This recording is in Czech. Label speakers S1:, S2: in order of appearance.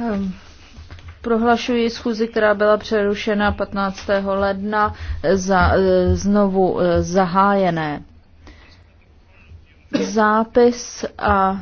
S1: Ehm, prohlašuji schůzi, která byla přerušena 15. ledna, za, e, znovu e, zahájené. Zápis a